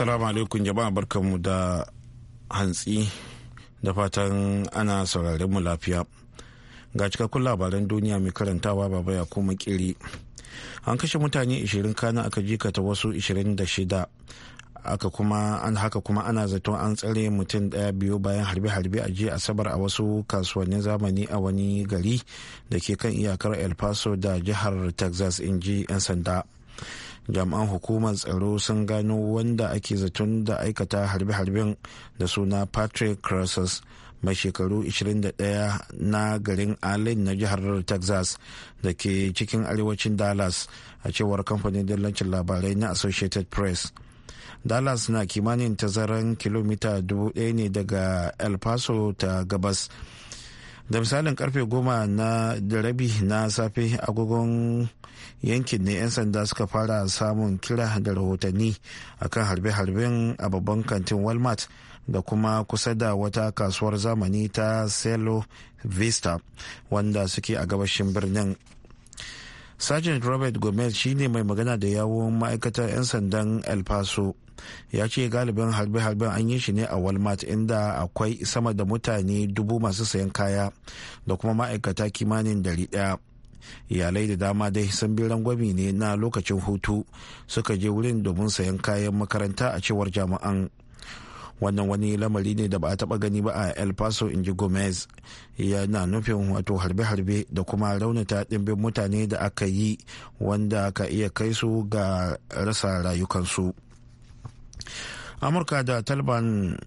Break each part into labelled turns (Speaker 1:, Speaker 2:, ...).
Speaker 1: Assalamu alaikum jama'a barkanmu da hantsi da fatan ana sauraren mu lafiya. Ga cikakkun labaran duniya mai karantawa baba ya kuma kiri. An kashe mutane 20 kana aka jikata wasu 26 aka kuma an haka kuma ana zaton an tsare mutum daya biyu bayan harbe-harbe a jiya asabar a wasu kasuwannin zamani a wani gari da ke kan iyakar el paso da jihar texas in ji 'yan sanda jami'an hukumar tsaro sun gano wanda ake zaton da aikata harbe-harben da suna patrick crosses mai shekaru 21 na garin allen na jihar texas da ke cikin arewacin dallas a cewar kamfanin dillancin labarai na associated press dallas na kimanin tazaran kilomita 1000 ne daga el paso ta gabas da misalin karfe goma na da rabi na safe agogon yankin ne 'yan sanda suka fara samun kira da rahotanni akan harbe-harben a babban kantin walmart da kuma kusa da wata kasuwar zamani ta selo Vista wanda suke a gabashin birnin. Sergeant Robert Gomez shine mai magana da yawon ma'aikatar 'yan sandan El Paso ya ce galibin harbe-harben an yi shi ne a walmart inda akwai sama da mutane dubu masu sayan kaya da kuma ma'aikata kimanin dari daya iyalai da dama dai sun bi rangwami ne na lokacin hutu suka je wurin domin sayan kayan makaranta a cewar jami'an wannan wani lamari ne da ba a taba gani ba a el paso in ji gomez yana nufin wato harbe-harbe da kuma raunata ɗimbin mutane da aka yi wanda ka iya kai su ga rasa rayukansu. amurka da talban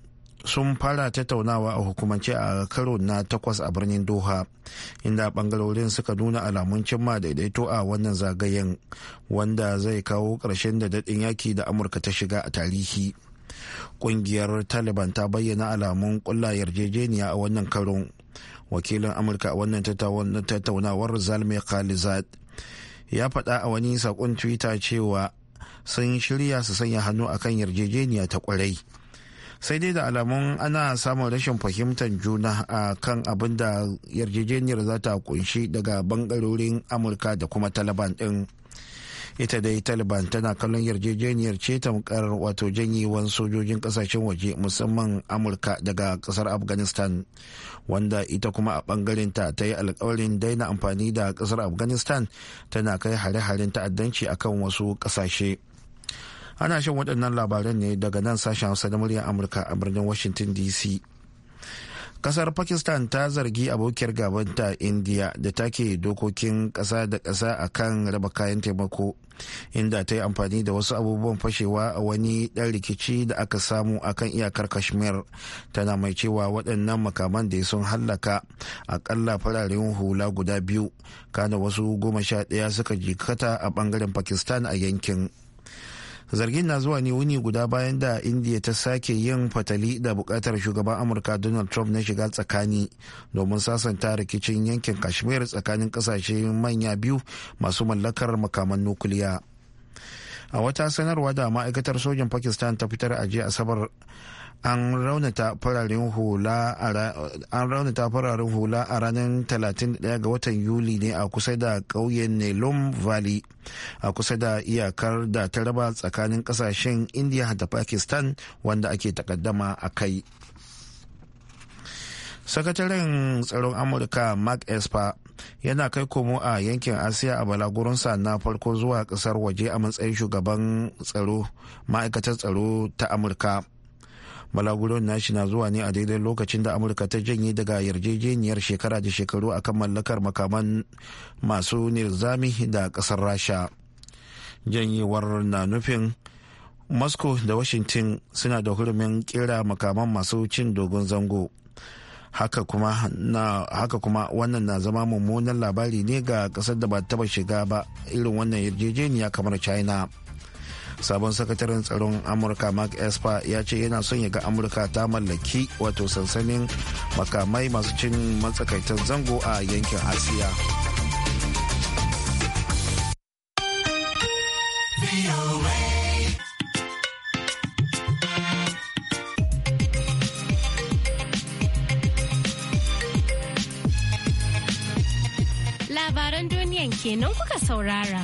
Speaker 1: sun fara tattaunawa a hukumance a karo na takwas a birnin doha inda bangarorin suka nuna alamun cimma daidaito a wannan zagayen wanda zai kawo ƙarshen da daɗin yaki da amurka ta shiga a tarihi ƙungiyar taliban ta bayyana alamun ƙulla yarjejeniya a wannan karon wakilin amurka a wannan tattaunawar zalmi khalizad ya faɗa a wani saƙon twitter cewa sun shirya su sanya hannu akan yarjejeniya ta kwarai sai dai da alamun ana samun rashin fahimtar juna a kan abin da yarjejeniyar za ta kunshi daga bangarorin amurka da kuma taliban din ita dai taliban tana kallon yarjejeniyar ce tamkar wato janyewan sojojin kasashen waje musamman amurka daga kasar afghanistan wanda ita kuma a bangaren ta ta yi alkawarin daina amfani da kasar afghanistan tana kai hare-haren ta'addanci akan wasu kasashe. ana shan waɗannan labaran ne daga nan sashen hausa da muryar amurka a birnin washington dc kasar pakistan ta zargi abokiyar gabanta india da take dokokin ƙasa da ƙasa a kan raba kayan taimako inda ta yi amfani da wasu abubuwan fashewa a wani ɗan rikici da aka samu a kan iyakar kashmir tana mai cewa waɗannan makaman da sun hallaka akalla fararen hula guda biyu kana wasu goma sha ɗaya suka jikata a ɓangaren pakistan a yankin zargin na zuwa ne wuni guda bayan da indiya ta sake yin fatali da bukatar shugaban amurka donald trump na shiga tsakani domin sasanta rikicin yankin kashmir tsakanin kasashe manya biyu masu mallakar makaman nukiliya a wata sanarwa da ma'aikatar sojin pakistan ta fitar a jiya asabar an raunata fararen hula a ranar 31 ga watan yuli ne a kusa da ƙauyen nelum valley a kusa da iyakar da ta raba tsakanin kasashen india da pakistan wanda ake takaddama a kai sakataren tsaron amurka mark esper yana kai komo a yankin asiya a balagurunsa na farko zuwa kasar waje a matsayin shugaban tsaro ma'aikatar tsaro ta amurka balaguron nashi na zuwa ne a daidai lokacin da amurka ta janye daga yarjejeniyar shekara da shekaru akan mallakar makaman masu nizami da kasar rasha janyewar na nufin moscow da washington suna da hurumin kera makaman masu cin dogon zango haka kuma na haka kuma wannan na zama mummunan labari ne ga kasar da ba taba shiga ba irin wannan yarjejeniya kamar china sabon sakataren tsaron amurka mark esper ya ce yana son ya ga amurka ta mallaki wato sansanin makamai masu cin matsakaitan zango a yankin asiya
Speaker 2: Labaran duniyan kenan kuka saurara.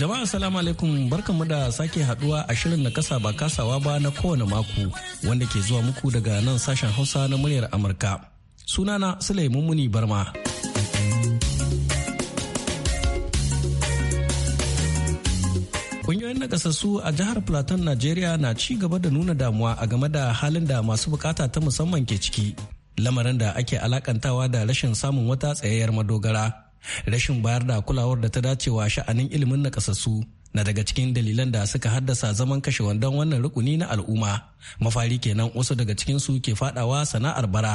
Speaker 3: Jama'a salamu alaikum barkanmu da sake haduwa a shirin na kasa ba kasawa ba na kowane mako wanda ke zuwa muku daga nan sashen Hausa na muryar Amurka. Sunana Sulaimun Muni Barma. Kungiyoyin nakasassu a jihar Plateau Najeriya na ci gaba da nuna damuwa a game da halin da masu bukata ta musamman ke ciki. Lamarin da ake alakantawa da rashin samun wata tsayayyar madogara rashin bayar da kulawar da ta dacewa sha'anin ilimin nakasassu na daga cikin dalilan da suka haddasa zaman kashe wandon wannan rukuni na al'umma mafari kenan wasu daga cikin su ke fadawa sana'ar bara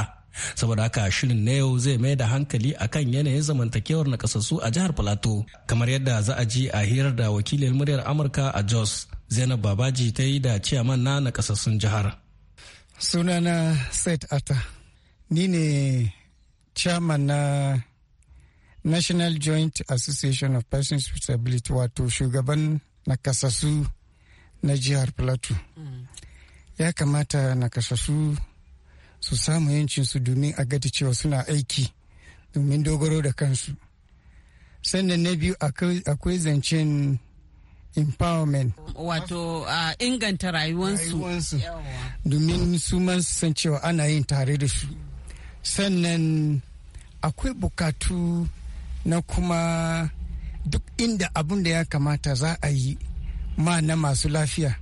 Speaker 3: saboda haka shirin na yau zai mai da hankali a kan yanayin zamantakewar nakasassu a jihar plateau kamar yadda za a ji a hirar da wakilin muryar amurka a jos zainab babaji ta yi da ciyaman na nakasassun jihar
Speaker 4: sunana set ata ni ne ciyaman na national joint association of persons with disability wato shugaban nakasassu na jihar plateau ya kamata nakasassu su samu yancinsu domin a gadi cewa suna aiki domin dogaro da kansu sannan na biyu akwai zancen empowerment wato uh, inganta
Speaker 5: rayuwansu
Speaker 4: domin su man san cewa ana yin tare da su sannan akwai bukatu na kuma duk inda abun da ya kamata za a yi ma na masu lafiya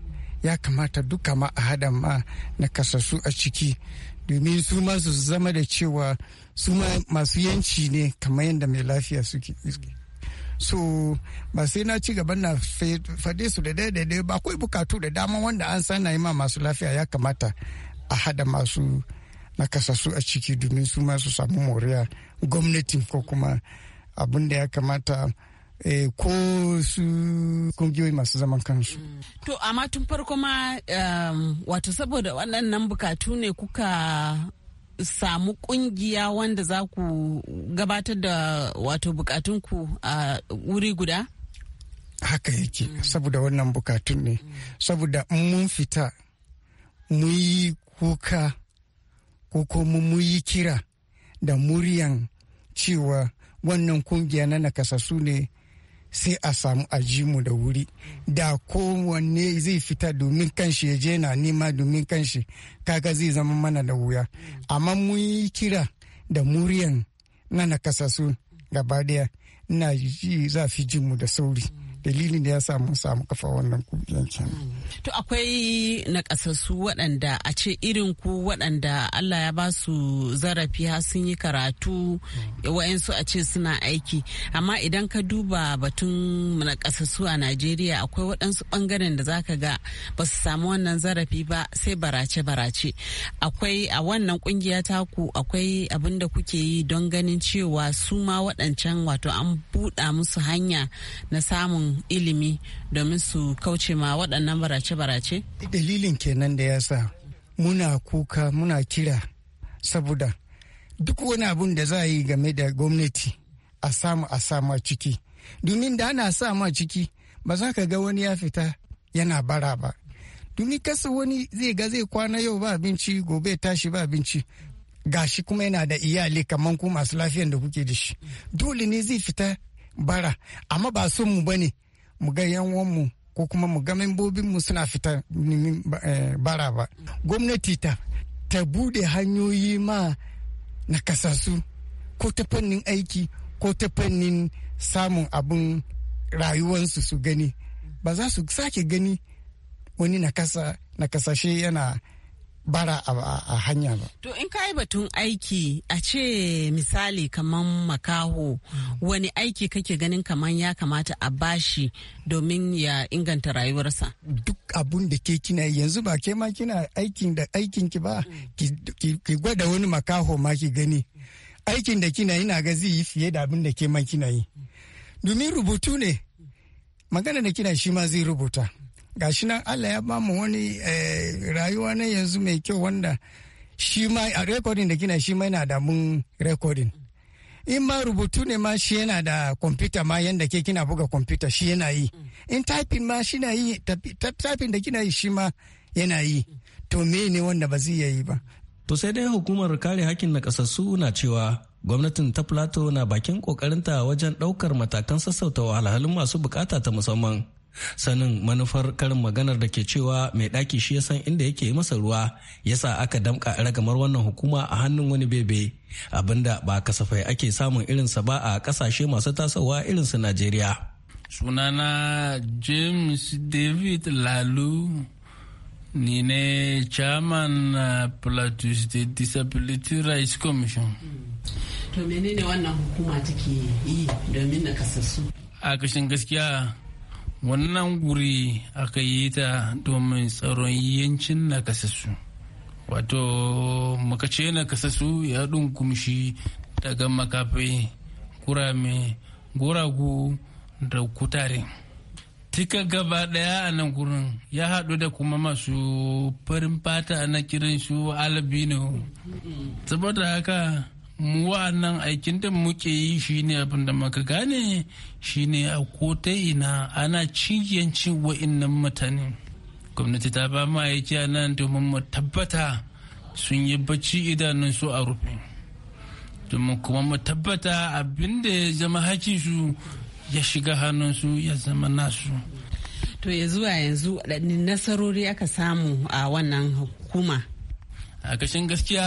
Speaker 4: ya kamata duka ma a hada ma na kasassu a ciki domin su ma su zama da cewa su ma masu yanci ne kamar yadda mai lafiya suke so ba sai na ci gaban na fade su da daidai ba akwai bukatu da dama wanda an sana yi ma masu lafiya ya kamata a hada masu na kasasu a ciki domin su ma su samu moriya gwamnatin ko kuma abin da ya kamata eh, ko su kungiyoyi masu zaman kansu.
Speaker 5: To, amma tun farko ma wato saboda waɗannan bukatu ne kuka samu kungiya wanda za ku gabatar da wato bukatunku a wuri guda?
Speaker 4: Haka yake, mm. saboda wannan bukatun ne, mm. saboda mun fita mu yi kuka ko kuma mu kira da muryan cewa wannan kungiya na nakasassu ne sai a samu ajimu da wuri da kowanne zai fita domin kanshi ya je na nema domin kanshi kaga zai zama mana da wuya amma mun yi kira da muryan na nakasassu gaba daya ina ji zafi jinmu da sauri dalilin da ya sa mun samu kafa wannan kungiyancin.
Speaker 5: To akwai nakasassu waɗanda a ce irin ku waɗanda Allah ya ba su zarafi har sun yi karatu wa'yansu a ce suna aiki amma idan ka duba batun nakasassu a Najeriya akwai waɗansu ɓangaren da zaka ga ba su samu wannan zarafi ba sai barace-barace akwai a wannan kungiya ku akwai abin da kuke yi don ganin cewa su ma waɗancan wato an buɗa musu hanya na samun ilimi domin su kauce ma waɗannan barace-barace?
Speaker 4: Dalilin kenan da ya sa muna kuka muna kira saboda duk wani abun da za a yi game da gwamnati a samu a sama ciki. Domin da ana sama ciki ba za ka ga wani ya fita yana bara ba. Domin kasa wani zai ga zai kwana yau ba abinci gobe tashi ba abinci gashi kuma yana da iyali kamar ku masu lafiyan da kuke da shi dole ne zai fita bara amma ba son mu bane mu ga yan ko kuma mu ga membobinmu suna fita eh, bara ba gwamnati ta ta bude hanyoyi ma na kasasu ko ta fannin aiki ko ta fannin samun abin rayuwarsu su gani ba za su sake gani wani na nakasashe yana bara a hanya ba.
Speaker 5: To in ka yi batun aiki a ce misali kamar makaho wani aiki kake ganin kamar ya kamata a bashi domin ya inganta rayuwarsa? Duk
Speaker 4: abun da ke kina yanzu ba ke ma kina aikin da aikin ki ba ki gwada wani makaho ma ki gani. Aikin da kina yi na ga zai yi fiye da abin da ke ma kina yi. Domin rubutu ne magana da kina shi ma zai rubuta. gashi nan Allah ya ba mu wani eh, rayuwa na yanzu mai kyau wanda shi ma a recording da kina shi ma yana da mun recording in ma rubutu ne ma shi yana da kwamfuta ma yanda ke kina buga kwamfuta shi yana yi in typing ma shi na yi typing da kina yi shi ma yana yi to me ne wanda ba zai yi ba
Speaker 3: to sai dai hukumar kare hakkin na kasassu na cewa gwamnatin ta plato na bakin kokarinta wajen daukar matakan sassauta wahalhalun masu bukata ta musamman sanin manufar karin maganar da ke cewa mai ɗaki shi ya san inda yake yi masa ruwa yasa aka damƙa ragamar wannan hukuma a hannun wani bebe abinda ba kasafai ake samun irinsa ba a kasashe masu tasowa irinsu najeriya
Speaker 6: sunana james david lalu ni ne chairman plateau state disability rights commission
Speaker 5: to menene wannan hukuma take yi domin na nakasassu
Speaker 6: a kashin gaskiya wannan guri aka yi ta domin tsaron yancin kasasu wato makace kasasu ya kumshi daga makafai kurame guragu da kutare tika gaba daya a nan gurin ya haɗu da kuma masu farin fata na kiran su albino saboda haka mu nan aikin da muke yi shine abin da muka gane shine a ko ta ina ana ciyancin wa'innan mutane gwamnati ta ba ma aiki a nan domin mu tabbata sun yi bacci idanun su a rufe domin kuma mu tabbata abinda da ya zama hakin su ya shiga hannunsu ya zama nasu
Speaker 5: to ya zuwa yanzu nasarori aka samu a
Speaker 6: wannan hukuma a gashin gaskiya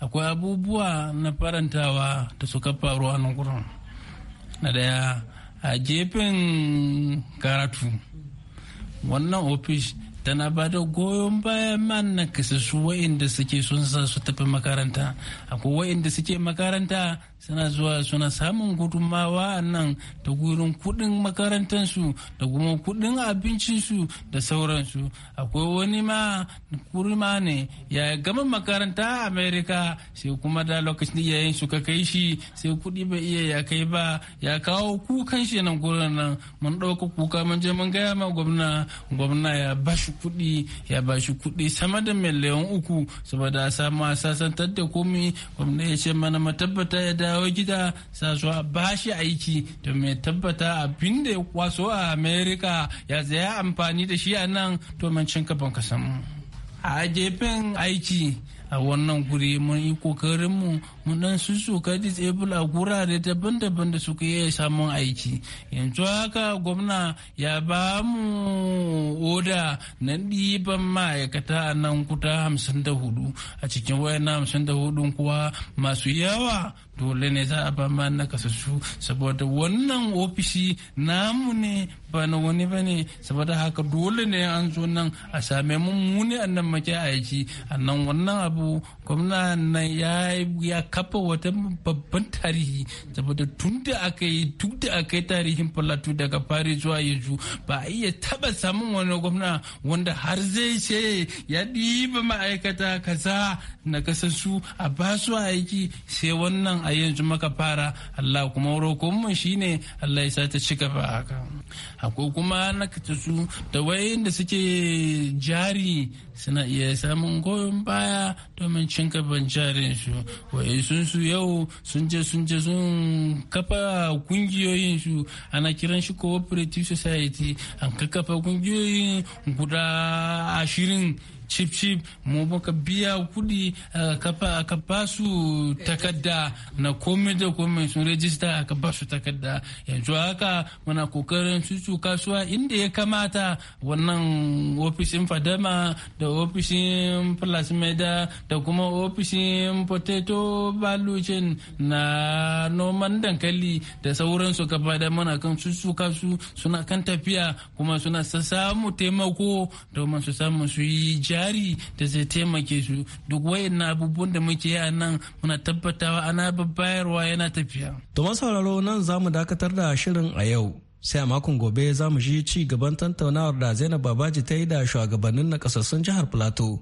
Speaker 6: akwai abubuwa na farantawa da suka faru a nan na daya a gefen karatu wannan ofis tana ba da goyon bayan man na kasassu wa'inda suke sun sa su tafi makaranta akwai wa'inda suke makaranta suna zuwa suna samun gudunmawa nan da gurin kudin makarantansu da kuma kudin abincinsu da sauransu akwai wani ma kurima ne ya gama makaranta a america sai kuma da lokacin iyayen ka kai shi sai kudi bai iya ya kai ba ya kawo kukan shi nan gurin nan mun ɗauka kuka mun je mun gaya ma gwamna gwamna ya bashi kudi ya bashi kudi sama da miliyan uku saboda a samu a sasantar da komi gwamna ya ce mana matabbata ya dawo dawo gida sa zuwa ba shi aiki to mai tabbata abin da ya kwaso a america ya zaya amfani da shi a nan domin mancin kafin kasan a gefen aiki a wannan guri mun yi kokarin mu mun dan sussuka disable a gurare daban-daban da suka yi samun aiki yanzu haka gwamna ya ba mu oda na ɗiban ma'aikata a nan kuta hamsin da hudu a cikin wayan hamsin da hudu kuwa masu yawa dole ne za a ba ma na kasassu saboda wannan ofishi namu ne ba na wani ba ne saboda haka dole ne an zo nan a same mu mu a nan make aiki a nan wannan abu Tinubu gwamnan nan ya kafa wata babban tarihi saboda tun da aka yi duk da aka yi tarihin falatu daga fari zuwa yanzu ba a iya taba samun wani gwamna wanda har zai ce ya ɗiba ma'aikata kaza na kasassu a ba su aiki sai wannan a yanzu maka fara Allah kuma mu shine Allah ya sa ta ci gaba haka akwai kuma na su da wayan da suke jari suna iya samun goyon baya domin cin gaban jarin su wai sun su yau sun je sun je sun kafa kungiyoyin su ana kiran shi cooperative society an kafa kungiyoyin guda ashirin chip chip mu ka biya kudi eh, ka ba su takarda na komai da komai sun rajista aka ba su takarda yanzu haka muna kokarin su kasuwa inda ya kamata wannan ofishin fadama da ofishin plasmeda da kuma ofishin potato balucin na noman dankali da sauransu gaba da muna kan sussuka su suna kan tafiya kuma suna samu taimako domin su samu su yi ja jari da zai taimake su duk wayan abubuwan da muke yi a nan muna tabbatawa ana babbayarwa yana tafiya.
Speaker 3: To sauraro nan za mu dakatar da shirin a yau sai a makon gobe za mu ji ci gaban tantaunawar da Zainab Babaji ta yi da shugabannin na kasassun jihar Plateau.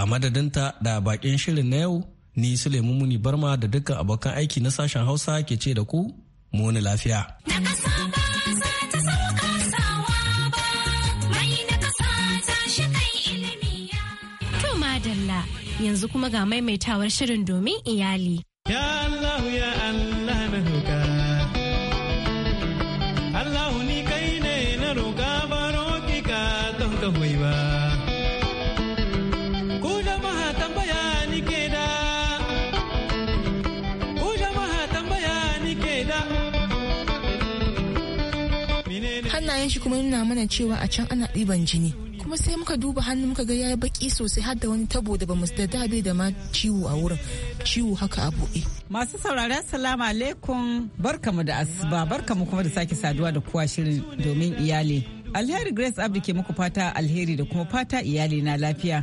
Speaker 3: A madadinta da bakin shirin na yau ni Suleiman Muni Barma da dukkan abokan aiki na sashen Hausa ke ce da ku muni lafiya.
Speaker 2: yanzu kuma ga maimaitawar shirin domin iyali.
Speaker 3: Ya Allah ya Allah.
Speaker 7: mana cewa a can ana ɗiban jini kuma sai muka duba hannu muka ga yayi baki sosai har wani tabo da bamu da dabe da ma ciwo a wurin ciwo haka a buɗe.
Speaker 8: Masu sauraron salamu alaikum barkamu da asuba barkamu kuma da sake saduwa da kowa shirin domin iyali. Alheri Grace Abdi ke muku fata alheri da kuma fata iyali na lafiya.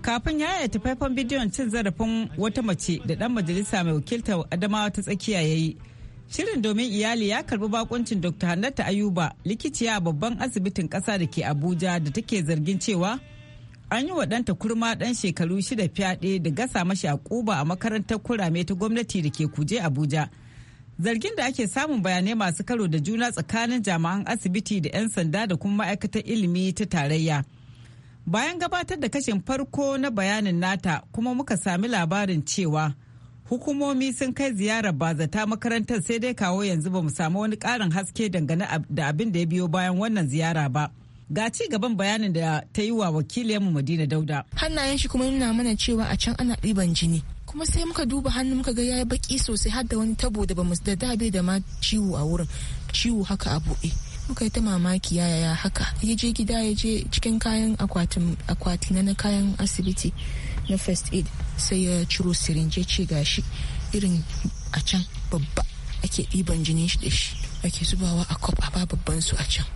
Speaker 8: Kafin ya yaya faifan bidiyon cin zarafin wata mace da ɗan majalisa mai wakiltar Adamawa ta tsakiya ya yi. Shirin domin iyali ya karbi bakuncin Dr. Hannatu Ayuba likiciya a babban asibitin ƙasa da ke Abuja da take zargin cewa an yi wa ɗanta kurma ɗan shekaru shida fyaɗe da gasa mashi a ƙuba a makarantar kurame ta gwamnati da ke kuje Abuja. Zargin da ake samun bayanai masu karo da juna tsakanin jami'an asibiti da 'yan sanda da kuma ma'aikatar ilimi ta tarayya. Bayan gabatar da kashin farko na bayanin nata kuma muka sami labarin cewa. hukumomi sun kai ziyarar ba zata makarantar sai dai kawo yanzu ba mu samu wani karin haske dangane da abin da ya biyo bayan wannan ziyara ba ga ci gaban bayanin da ta yi wa wakiliyarmu madina dauda
Speaker 7: hannayen shi kuma nuna mana cewa a can ana ɗiban jini kuma sai muka duba hannu muka ga yayi baki sosai har da wani tabo da bamu da dabe da ma ciwo a wurin ciwo haka a buɗe muka yi ta mamaki yaya haka ya je gida ya je cikin kayan akwati na kayan asibiti na first aid sai ya ciro sirinje ce gashi irin a can babba ake ɗiban jinin shi da shi ake zubawa a kwab a ba babban su a can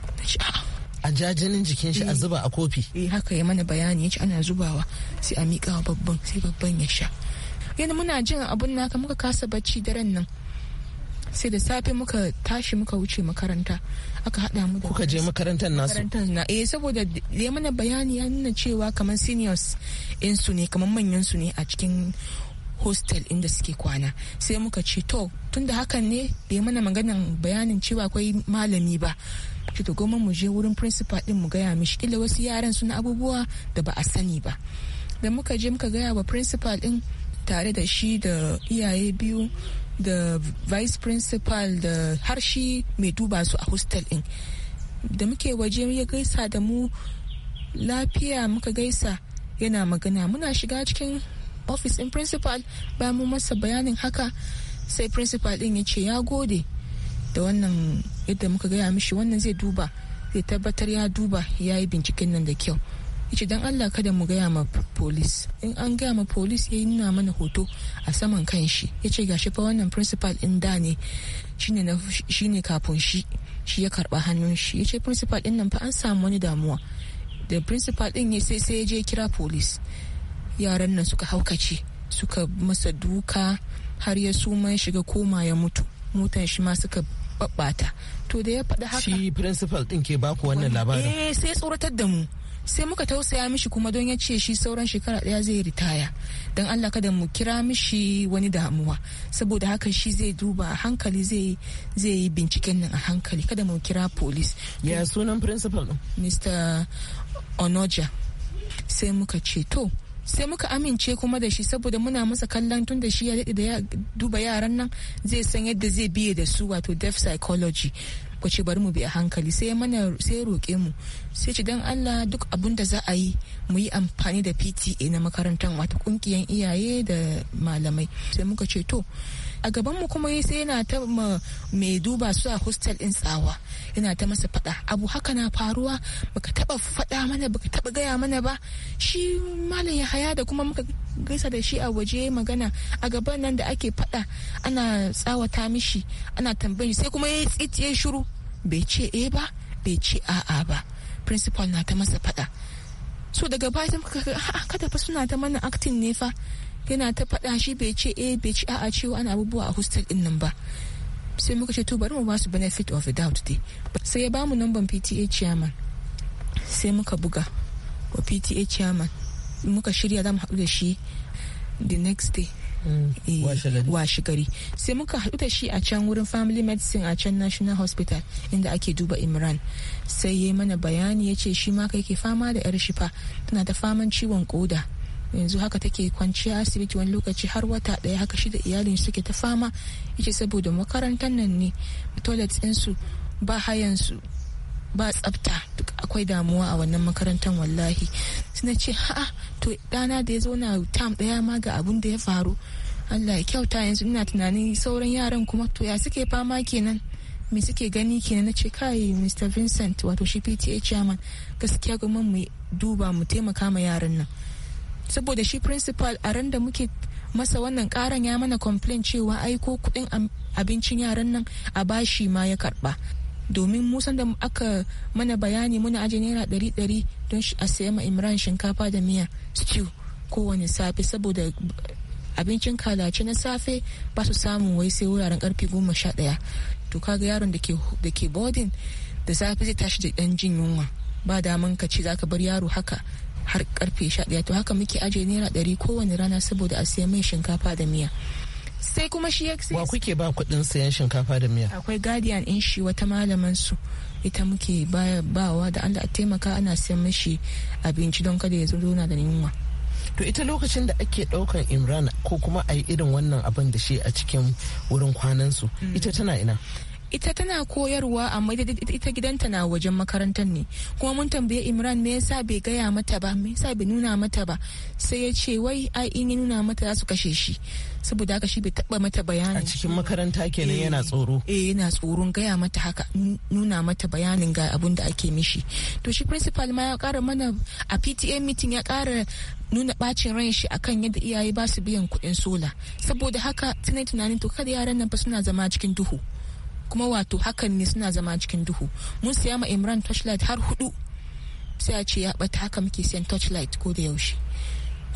Speaker 7: a ja jinin jikin shi a eh. zuba a kofi eh haka ya mana bayani ya ce ana zubawa sai a miƙa wa babban sai babban ya sha yana muna jin abun naka muka kasa bacci daren nan sai da safe muka tashi muka wuce makaranta aka haɗa mu da kuka je
Speaker 5: makarantar nasu
Speaker 7: na eh saboda ya mana bayani ya nuna cewa kamar seniors in su ne kamar manyan su ne a cikin hostel inda suke kwana sai muka ce to tunda hakan ne bai mana maganan bayanin cewa akwai malami ba ki to goma mu je wurin principal din mu gaya mishi kila wasu yaran suna abubuwa da ba a sani ba da muka je muka gaya wa principal din tare da shi da iyaye biyu da vice principal da harshe mai duba su a hostel din da muke waje ya gaisa da mu lafiya muka gaisa yana magana muna shiga cikin office din principal ba mu masa bayanin haka sai principal din ya ce ya gode da wannan yadda muka gaya mishi wannan zai duba zai tabbatar ya duba ya yi binciken nan da kyau ce dan Allah kada mu gaya ma polis in an gaya ma polis ya yi nuna mana hoto a saman kan shi ya ce gashi fa wannan principal in da ne shi ne kafin shi shi ya karba hannun shi ya ce principal din nan fa an samu wani damuwa da principal din ya sai sai ya je kira polis yaran nan suka haukace suka masa duka har ya suma ya shiga koma ya mutu motan shi ma suka babbata to da ya faɗi haka
Speaker 5: shi principal din ke baku wannan labarin eh
Speaker 7: sai tsoratar da mu sai muka tausaya mishi kuma don ya ce shi sauran shekara daya zai ritaya don allah kada mu kira mishi wani damuwa saboda haka shi zai duba a hankali zai yi binciken nan a hankali kada mu kira polis ya sunan principal mr onoja sai muka ce to sai muka amince kuma da shi saboda muna masa kallon tun da shi ya daɗe da ya duba yaran nan zai san yadda zai biye da su wato deaf psychology ku ce bari mu bi a hankali sai mana sai roƙe mu sai ci dan Allah duk abun da za a yi mu yi amfani da PTA na makarantar wata kungiyan iyaye da malamai sai muka ce to a gaban mu kuma sai yana ta mai duba su a hostel din tsawa yana ta masa fada abu haka na faruwa baka taba fada mana baka taba gaya mana ba shi malam ya haya da kuma muka gaisa da shi a waje magana a gaban nan da ake fada ana tsawata mishi ana tambayi sai kuma ya ya shiru bai ce eh ba bai ce a'a ba principal na ta masa fada so daga baya kada fa suna ta mana acting ne fa yana ta faɗa shi bai ce eh bai ce a'a cewa ana abubuwa a hostel din nan ba sai muka ce to bari mu ba su benefit of the doubt dai sai ya bamu namban PTA chairman sai muka buga wa PTA chairman muka shirya za mu haɗu da shi the next day hmm. eh, washe gari sai muka haɗu da shi a can wurin family medicine a can national hospital inda ake duba imran sai ya mana bayani ya ce shi ma kai ke fama da yar shifa tana ta faman ciwon koda yanzu haka take kwanciya asibiti wani lokaci har wata ɗaya haka shi da iyalin suke ta fama ita saboda makarantar nan ne toilet ɗinsu ba hayansu ba tsafta duk akwai damuwa a wannan makarantar wallahi suna ce ha'a to ɗana da ya zo na tam ɗaya ma ga abun da ya faru allah ya kyauta yanzu ina tunanin sauran yaran kuma to ya suke fama kenan me suke gani kenan na ce kai mr vincent wato shi pta chairman gaskiya gwamnati mu duba mu taimaka ma yaran nan saboda shi principal a ran da muke masa wannan karan ya mana complain cewa aiko kudin abincin yaran nan a bashi ma ya karba domin musan da aka mana bayani muna aje naira ɗari ɗari don a saya ma imran shinkafa da miya stew kowane safe saboda abincin kalace na safe ba su samu wai sai wuraren karfe goma sha ɗaya to kaga yaron da ke boarding da safe zai tashi da ɗan jin yunwa ba daman ka ce zaka bar yaro haka har karfe sha ɗaya to haka muke aje naira ɗari kowane rana saboda a siya mai shinkafa da miya sai kuma
Speaker 5: shi wa kuke ba kuɗin sayan shinkafa da miya
Speaker 7: akwai guardian in shi wata malaman su ita muke bawa da Allah a taimaka ana siyan mashi abinci don kada ya zo na da yunwa
Speaker 5: to ita lokacin da ake ɗaukar imran ko kuma a yi irin wannan abin da shi a cikin wurin kwanansu mm. ita tana ina ita tana
Speaker 7: koyarwa amma ita gidanta na wajen makarantar ne kuma mun tambaye imran me yasa bai gaya mata ba me yasa bai nuna mata ba sai ya ce wai ai in ya nuna mata za su kashe shi saboda haka shi bai taba mata bayanin a cikin makaranta kenan eh. yana tsoro eh yana tsoron gaya mata haka nuna mata bayanin ga abin da ake mishi to shi principal ma ya kara mana a PTA meeting ya kara nuna bacin ran shi akan yadda iyaye ba su biyan kuɗin sola saboda haka tunai tunanin to kada yaran nan ba suna zama cikin duhu kuma wato hakan ne suna zama cikin duhu mun siya ma imran torchlight har hudu sai a ce ya bata haka muke siyan torchlight ko da yaushe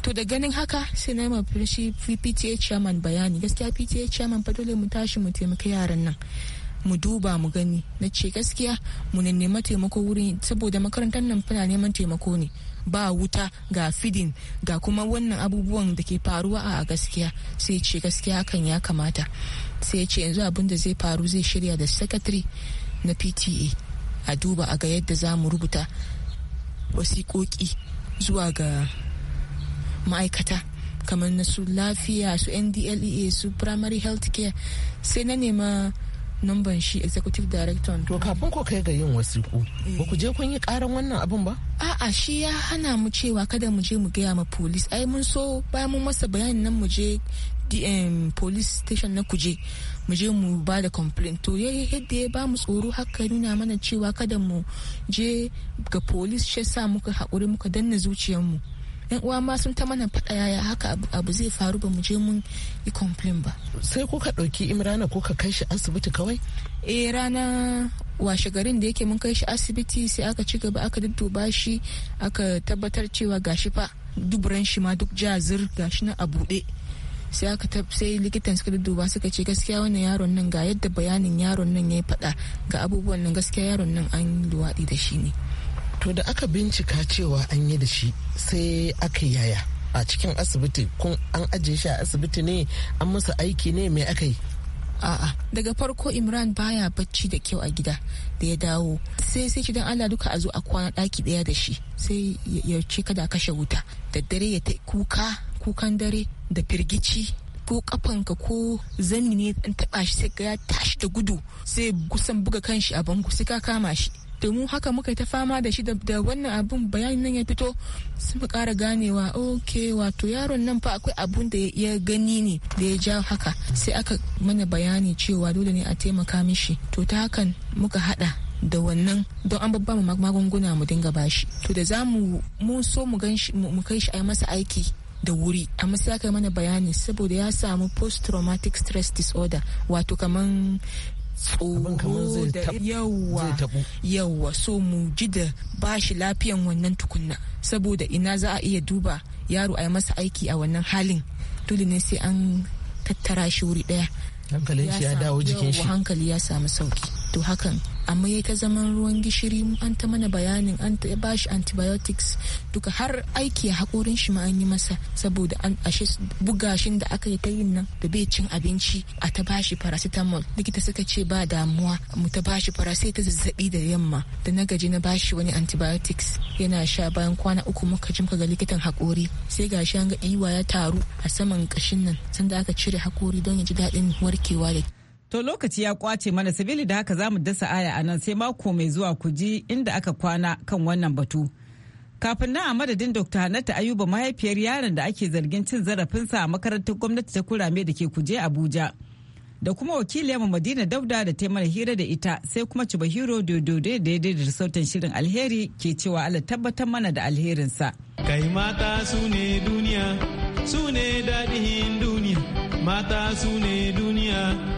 Speaker 7: to da ganin haka sai na ma shi pta chairman bayani gaskiya pta chairman fa dole mu tashi mu taimaka yaran nan mu duba mu gani na ce gaskiya mu nema taimako wurin saboda makarantar nan fina neman taimako ne ba wuta ga fidin ga kuma wannan abubuwan da ke faruwa a gaskiya sai ce gaskiya hakan ya kamata sai ce yanzu abin da zai faru zai shirya da secretary na pta a duba a ga yadda za mu rubuta wasiƙoƙi zuwa ga ma'aikata kamar na su lafiya su ndlea su primary health care sai na nema numban shi executive director to kafin ko kai ga yin wasiku ba ku je eh. kun yi karan wannan abin ba a'a shi ya hana mu cewa kada mu je mu gaya ma police ai mun so ba mun masa bayanin nan mu je police station na kuje mu je mu ba da complaint to ya yadda ya ba mu tsoro haka nuna mana cewa kada mu je ga police shi sa muka haƙuri muka danna zuciyarmu mu yan uwa ma sun ta mana faɗa yaya haka abu zai faru ba mu je mun yi complain ba sai kuka ɗauki imrana ko ka kai shi asibiti kawai eh rana washe garin da yake mun kai shi asibiti sai aka ci gaba aka dudduba shi aka tabbatar cewa gashi fa duburan shi ma duk jazir gashi na a buɗe sai aka sai likitan suka dudduba suka ce gaskiya wannan yaron nan ga yadda bayanin yaron nan ya yi faɗa ga abubuwan nan gaskiya yaron nan an
Speaker 5: luwaɗi da shi ne to da aka bincika cewa an yi da shi sai aka yaya a cikin asibiti kun an ajiye shi a asibiti ne an masa aiki ne mai aka yi
Speaker 7: a'a daga farko imran baya bacci da kyau a gida da ya dawo sai sai shi don allah duka a zo a kwana daki daya da shi sai ya ce kada kashe wuta da dare ya ta kuka kukan dare da firgici ko kafanka ko zanni ne an taba shi sai ya tashi da gudu sai kusan buga kanshi a bango sai ka kama shi da mu haka muka ta fama da shi da wannan abun bayanin nan ya fito sun kara ganewa ok wato yaron nan fa akwai abun da ya gani ne da ya ja haka sai aka mana bayani cewa dole ne a taimaka mishi to ta hakan muka hada da wannan don an babba magunguna mu dinga bashi to da za mu so mu kai shi a masa aiki da wuri amma sai aka mana bayani saboda ya samu post traumatic stress disorder wato kaman tsoro da yawa yawa so mu ji da bashi lafiyan wannan tukunna saboda ina za a iya duba yaro a yi masa aiki a wannan halin dole ne sai an tattara shi wuri daya
Speaker 1: ya dawo jikin
Speaker 7: hankali ya samu sauki to hakan amma ya ta zaman ruwan gishiri an ta mana bayanin an ta ba shi antibiotics duka har aiki a hakorin shi ma an yi masa saboda an ashe bugashin da aka yi ta yin nan da bai cin abinci a ta bashi paracetamol likita suka ce ba damuwa mu ta bashi paracetamol ta zazzabi da yamma da na gaji na bashi wani antibiotics yana sha bayan kwana uku muka jimka ga likitan haƙori sai ga shi an ga iwa ya taru a saman kashin nan sanda aka cire haƙori don ya ji daɗin
Speaker 8: warkewa da To lokaci ya kwace mana sabili da haka zamu dasa aya a nan sai mako mai zuwa ku ji inda aka kwana kan wannan batu. Kafin na a madadin Dr. Hannatu Ayuba mahaifiyar yaron da ake zargin cin zarafinsa a makarantar gwamnati ta kurame da ke kuje Abuja. Da kuma wakiliyar Madina Dauda da taimar hira da ita sai kuma Cibahiro Dodo da daidai da sautan shirin alheri ke cewa Allah tabbatar mana da alherinsa.
Speaker 3: Kai mata su ne duniya, su ne dadihin duniya, mata su ne duniya,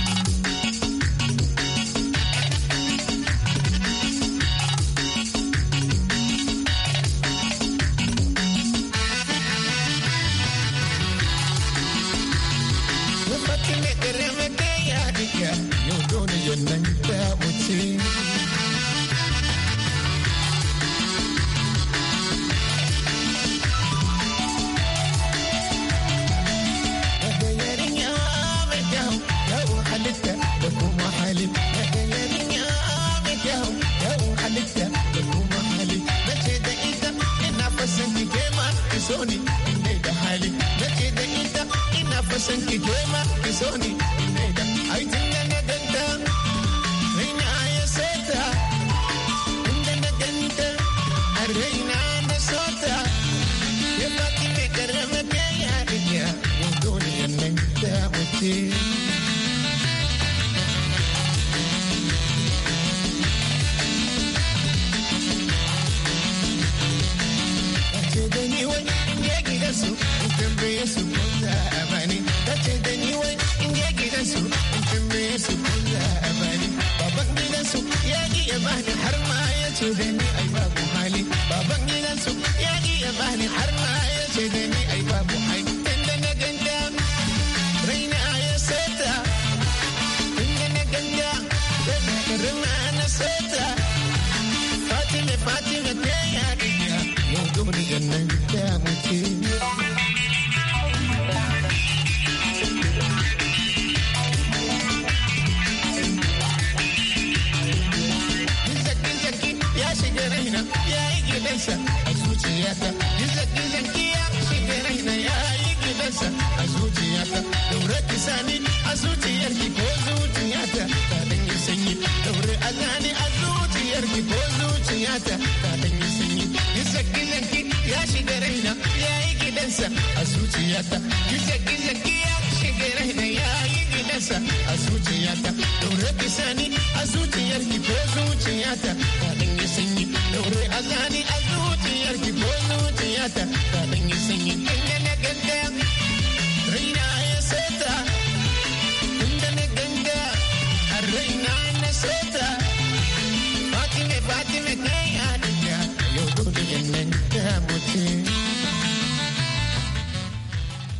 Speaker 9: Sony.